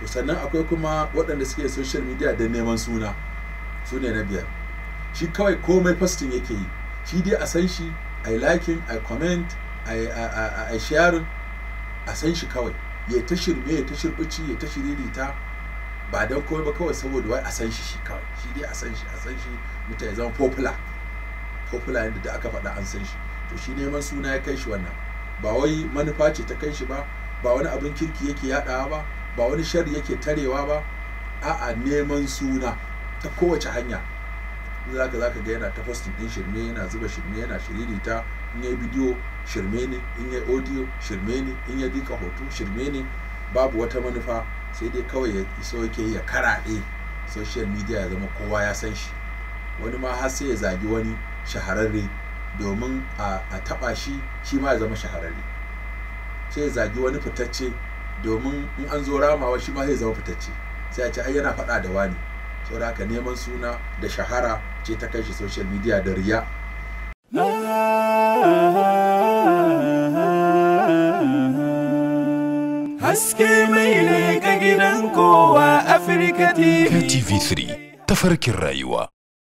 to sannan akwai kuma waɗanda suke social media da neman suna su ne na biyar shi kawai komai fasting yake yi shi dai a san shi a yi liking a yi comment a yi sharing a san shi kawai ya ta shirme ya ta shirbici ya ta shiririta ba don komai ba kawai saboda wai a san shi shi kawai shi dai a san shi a san shi mutane zama popular popular yadda da aka faɗa an san shi to shi neman suna ya kai shi wannan ba wai manufa ce ta kai shi ba ba wani abin kirki yake yaɗawa ba ba wani shari yake tarewa ba a'a neman suna ta kowace hanya zaka zaka ga yana ta posting din shirme yana zuba shirme yana ta? in yayi bidiyo shirme ne in yayi audio shirme ne in ya dika hoto shirme ne babu wata manufa sai dai kawai ya iso yake ya karaɗe social media ya zama kowa ya san shi wani ma har sai ya zagi wani shahararre domin a taɓa shi shi ma ya zama shahararre sai ya zagi wani fitacce domin in an zo ramawa shi ma zai zama fitacce sai a ce ai yana faɗa da wani saboda haka neman suna da shahara ce ta kai shi social media da riya haske mai ne ga gidan kowa afirka tv3 tafarkin rayuwa